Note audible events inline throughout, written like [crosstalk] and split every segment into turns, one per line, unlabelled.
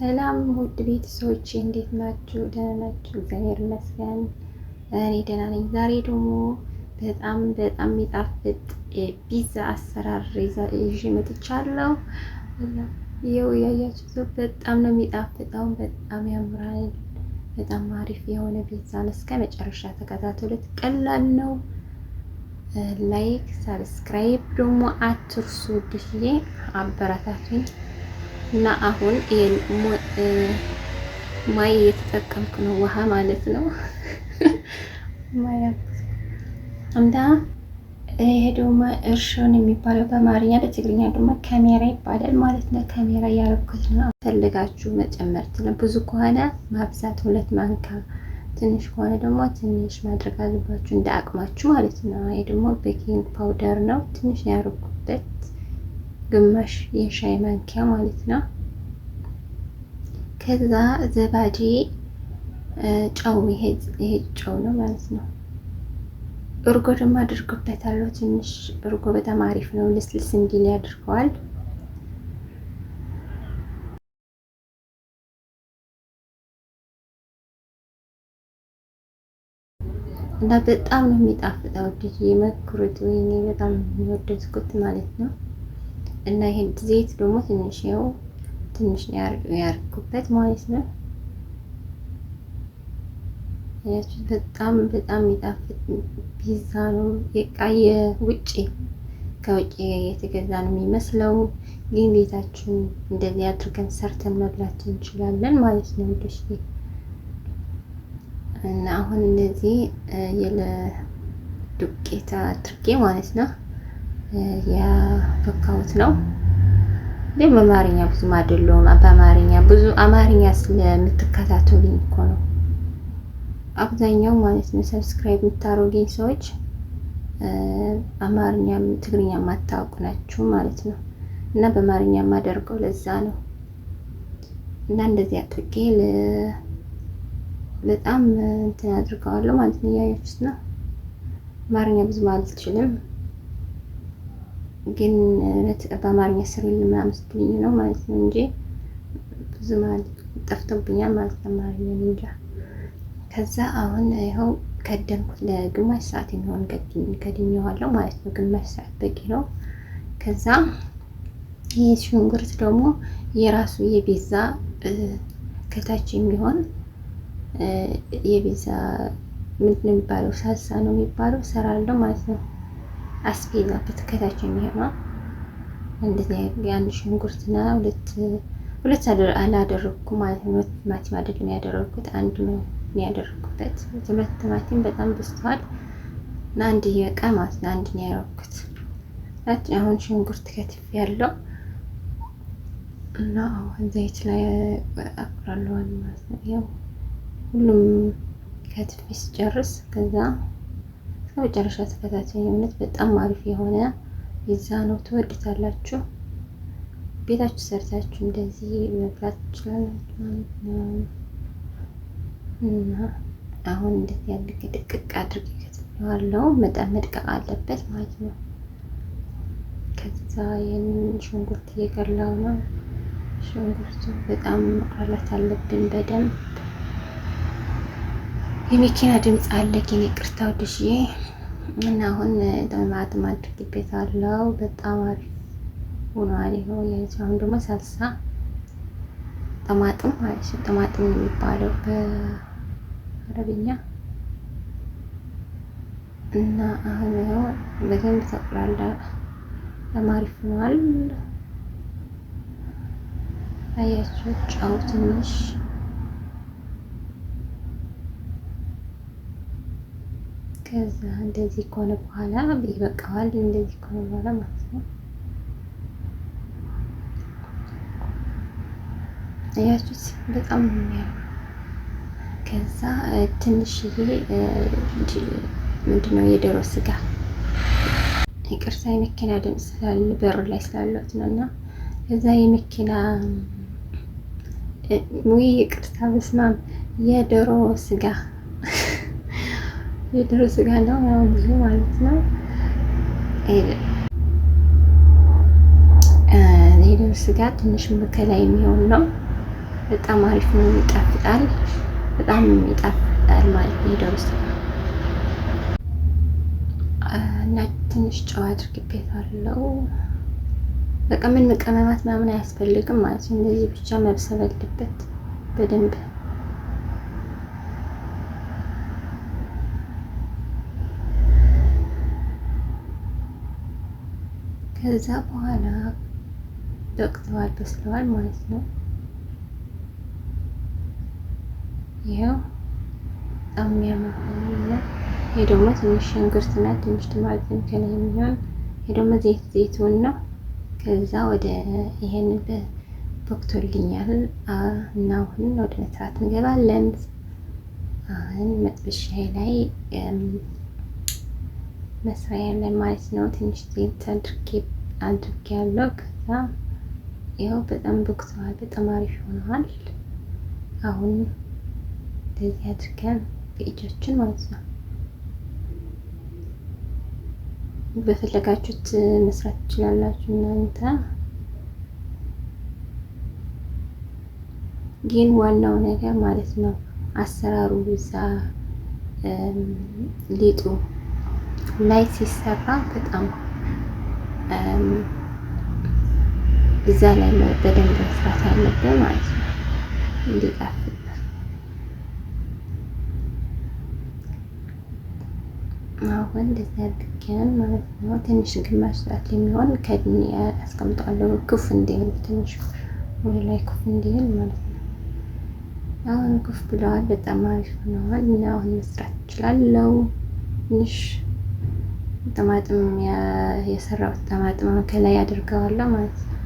ሰላም ውድ ቤተሰቦች እንዴት ናችሁ? ደህና ናችሁ? እግዚአብሔር ይመስገን እኔ ደህና ነኝ። ዛሬ ደግሞ በጣም በጣም የሚጣፍጥ ፒዛ አሰራር ይዤ መጥቻለሁ። ይኸው እያያችሁ በጣም ነው የሚጣፍጠው፣ በጣም ያምራል፣ በጣም አሪፍ የሆነ ፒዛ ነው። እስከ መጨረሻ ተከታተሉት። ቀላል ነው። ላይክ፣ ሰብስክራይብ ደግሞ አትርሱ። ድዬ አበረታቱኝ። እና አሁን ይሄን ማይ እየተጠቀምኩ ነው፣ ውሃ ማለት ነው። እንዳ ይሄ ደግሞ እርሾን የሚባለው በአማርኛ በትግርኛ ደግሞ ካሜራ ይባላል ማለት ነው። ካሜራ ያረኩት ነው። ፈልጋችሁ መጨመር ብዙ ከሆነ ማብዛት ሁለት ማንካ፣ ትንሽ ከሆነ ደግሞ ትንሽ ማድረግ አለባችሁ እንደ አቅማችሁ ማለት ነው። ይሄ ደግሞ ቤኪንግ ፓውደር ነው። ትንሽ ያረኩበት ግማሽ የሻይ ማንኪያ ማለት ነው። ከዛ ዘባዴ ጨው፣ ይሄ ጨው ነው ማለት ነው። እርጎ ደግሞ አድርጎበታለሁ። ትንሽ እርጎ በጣም አሪፍ ነው፣ ልስልስ እንዲል ያድርገዋል። እና በጣም ነው የሚጣፍጠው። ዲጂ መክሩት ወይኔ በጣም የሚወደድኩት ማለት ነው። እና ይሄን ዘይት ደግሞ ትንሽ ያው ትንሽ ያርኩበት ማለት ነው። ያችሁ በጣም በጣም የሚጣፍጥ ፒዛ ነው። የቃየ ውጪ ከውጪ የተገዛ ነው የሚመስለው፣ ግን ቤታችን እንደዚህ አድርገን ሰርተን መብላት እንችላለን ማለት ነው። ደስ እና አሁን እንደዚህ የለ ዱቄት አድርጌ ማለት ነው ያፈካሁት ነው። ግን በአማርኛ ብዙም አይደለሁም። በአማርኛ ብዙ አማርኛ ስለምትከታተሉኝ እኮ ነው አብዛኛው ማለት ነው ሰብስክራይብ የምታደርጉኝ ሰዎች አማርኛ ትግርኛ ማታውቁ ናችሁ ማለት ነው። እና በአማርኛ የማደርገው ለዛ ነው። እና እንደዚህ አድርጌ በጣም እንትን አድርገዋለሁ ማለት ነው። ያያችሁት ነው። አማርኛ ብዙም አልችልም። ግን በአማርኛ ስሪል ምናምን ስትልኝ ነው ማለት ነው እንጂ ብዙ ማለት ጠፍቶብኛል ማለት ነው አማርኛ እንጃ። ከዛ አሁን ይኸው ከደምኩት ለግማሽ ሰዓት የሚሆን ከድኜዋለሁ ማለት ነው። ግማሽ ሰዓት በቂ ነው። ከዛ ይህ ሽንኩርት ደግሞ የራሱ የቤዛ ከታች የሚሆን የቤዛ ምንድን ነው የሚባለው? ሳሳ ነው የሚባለው ሰራለሁ ማለት ነው። አስቤዛ በተከታች የሚሆነ እንደዚህ የአንድ ሽንኩርትና ሁለት ሁለት አላደረኩ ማለት ነው። ቲማቲም አይደለም ያደረኩት አንድ ነው ያደረግኩበት። ሁለት ቲማቲም በጣም በዝተዋል እና አንድ የቃ ማለት ነው አንድ ነው ያደረግኩት። አሁን ሽንኩርት ከትፍ ያለው እና ዘይት ላይ አኩራለሁ ማለት ነው። ያው ሁሉም ከትፍ ሲጨርስ ከዛ ከመጨረሻ ተከታታይ በጣም አሪፍ የሆነ ይዛ ነው። ትወድታላችሁ ቤታችሁ ሰርታችሁ እንደዚህ መብላት ትችላላችሁ። እና አሁን እንደዚህ ያለ ድቅቅ አድርጌ ከትለዋለው መጠን መድቀቅ አለበት ማለት ነው። ከዛ ይህንን ሽንኩርት እየቀላው ነው። ሽንኩርቱ በጣም መቁላላት አለብን በደንብ የመኪና ድምፅ አለ። ግን ይቅርታ ውድሽዬ እና አሁን ጥምባት ማድርግበት አለው በጣም አሪፍ ሆኗል። ይኸው አሁን ደግሞ ሳልሳ ጠማጥም ማለት ነው። ጠማጥም የሚባለው በአረብኛ እና አሁን ይኸው በደንብ ተቁላላ ለማሪፍ ሆኗል። አያችሁ ጫው ትንሽ ከዛ እንደዚህ ከሆነ በኋላ ይበቃዋል። እንደዚህ ከሆነ በኋላ ማለት ነው እያችሁት በጣም ነው ከዛ ትንሽዬ ምንድን ነው የዶሮ ስጋ ይቅርታ፣ የመኪና ድምፅ ስላለ በሩ ላይ ስላለት ነው። እና ከዛ የመኪና ውይ ይቅርታ፣ በስመ አብ የዶሮ ስጋ የድሮ ስጋ ነው ያው ብዙ ማለት ነው። የድሮ ስጋ ትንሽ ምከላ የሚሆን ነው። በጣም አሪፍ ነው፣ ይጣፍጣል። በጣም ይጣፍጣል ማለት ነው የድሮ ስጋ እና ትንሽ አድርግቤት አለው። በቃ ምን መቀመማት ምናምን አያስፈልግም ማለት ነው። እንደዚህ ብቻ መብሰል አለበት በደንብ ከዛ በኋላ ደቅተዋል በስለዋል ማለት ነው። ይኸው በጣም የሚያምር ይሄ ደግሞ ትንሽ ሽንኩርትና ትንሽ ቲማቲም ከላይ የሚሆን ይሄ ደግሞ ዘይት ዘይቱን ነው። ከዛ ወደ ይሄን በቦክቶልኛል እና አሁን ወደ መስራት እንገባለን። አሁን መጥበሻ ላይ መስሪያ ያለን ማለት ነው። ትንሽ ዘይት አድርጌ አድርጌ ያለው ከዛ ይኸው በጣም ቦክሰዋል። በጣም አሪፍ ሆነዋል። አሁን እንደዚህ አድርገን በእጃችን ማለት ነው በፈለጋችሁት መስራት ትችላላችሁ እናንተ። ግን ዋናው ነገር ማለት ነው አሰራሩ እዛ ሊጡ ላይ ሲሰራ በጣም እዛ ላይ በደንብ መስራት አለብን ማለት ነው እንዲጣፍጥ አሁን እንደዚህ አድርገን ማለት ነው። ትንሽ ግማሽ ሰዓት የሚሆን ከድሜ አስቀምጠዋለሁ ክፍ እንዲል ትንሽ ወደ ላይ ኩፍ እንዲል ማለት ነው። አሁን ኩፍ ብለዋል። በጣም አሪፍ ሆነዋል እና አሁን መስራት ይችላለው ትንሽ ጥማጥም የሰራሁት ጥማጥም ከላይ አድርገዋለሁ ማለት ነው።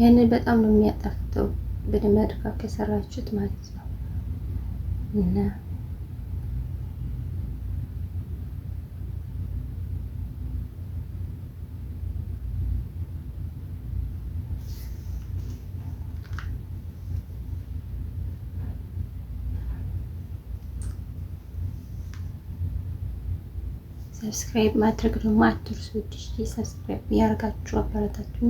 ያንን በጣም ነው የሚያጣፍጠው በደንብ አድርጋችሁ ከሰራችሁት ማለት ነው እና ሰብስክራይብ ማድረግ ደግሞ አትርሱ። ውድሽ ሰብስክራይብ ያርጋችሁ አበረታችሁ።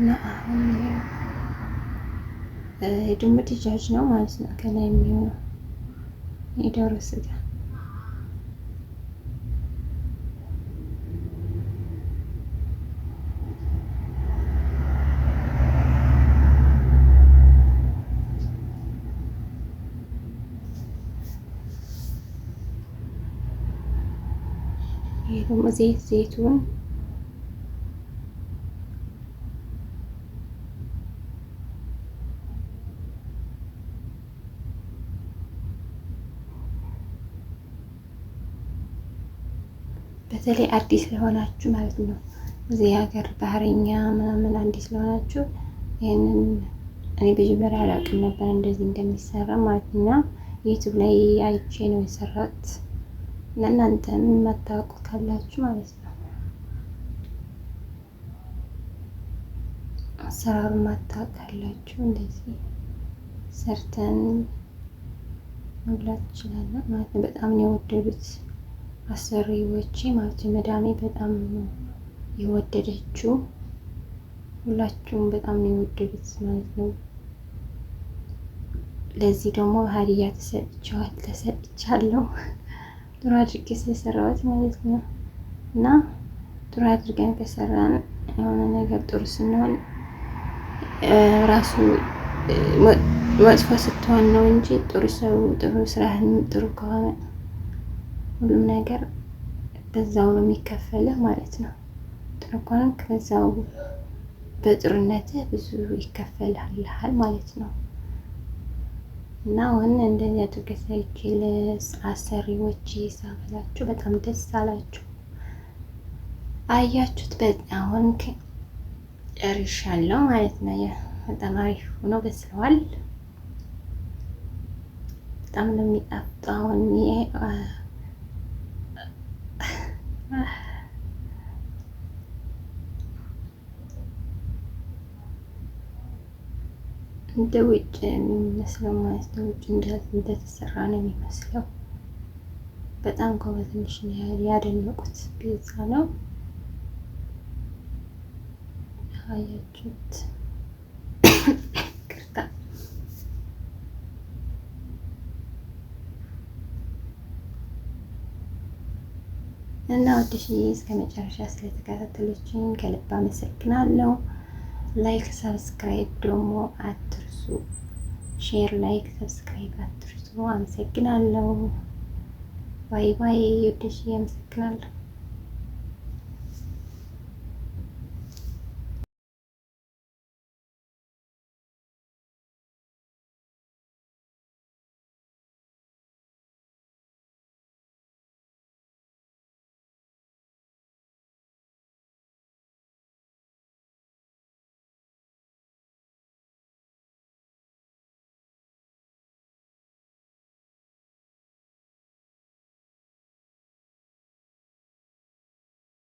እና አሁን የድመት ጃጅ ነው ማለት ነው። ከላይ የሚሆነው የዶሮ ስጋ ይሄ ደግሞ ዘይት ዘይቱን በተለይ አዲስ ለሆናችሁ ማለት ነው እዚህ ሀገር ባህረኛ ምናምን አዲስ ለሆናችሁ ይህንን እኔ በጀመሪያ አላውቅም ነበር እንደዚህ እንደሚሰራ ማለት እና ዩቱብ ላይ አይቼ ነው የሰራት እና እናንተ የማታውቁ ካላችሁ ማለት ነው አሰራሩ ማታውቅ ካላችሁ እንደዚህ ሰርተን መብላት ይችላለን ማለት ነው። በጣም ነው የወደዱት። አሰሪዎች ማለት መዳሜ በጣም ነው የወደደችው። ሁላችሁም በጣም ነው የወደዱት ማለት ነው። ለዚህ ደግሞ ሀዲያ ተሰጥቻዋል ተሰጥቻለሁ [laughs] ጥሩ አድርጌ ስለሰራሁት ማለት ነው። እና ጥሩ አድርገን ከሰራን የሆነ ነገር ጥሩ ስንሆን ራሱ መጥፎ ስትሆን ነው እንጂ ጥሩ ሰው ጥሩ ስራህን ጥሩ ከሆነ ሁሉም ነገር በዛው ነው የሚከፈልህ ማለት ነው። ጥንኳንም ከዛው በጥሩነትህ ብዙ ይከፈልሃል ማለት ነው። እና አሁን እንደዚህ አድርገህ ሰርቼ አሰሪዎች ሳበላችሁ በጣም ደስ አላችሁ። አያችሁት? አሁን ጨርሻለሁ ማለት ነው። በጣም አሪፍ ሆኖ በስለዋል። በጣም ነው የሚጣፍጠው አሁን [sighs] እንደ ውጭ የሚመስለው ማለት ነው። ውጭ እንደተሰራ ነው የሚመስለው። በጣም ከበትንሽ ያደነቁት ቤዛ ነው ያያችሁት። እና ውድሽዬ እስከ መጨረሻ ስለተከታተለችኝ ከልብ አመሰግናለሁ። ላይክ ሰብስክራይብ ደግሞ አትርሱ። ሼር፣ ላይክ፣ ሰብስክራይብ አትርሱ። አመሰግናለሁ። ባይ ባይ። ውድሽዬ አመሰግናለሁ።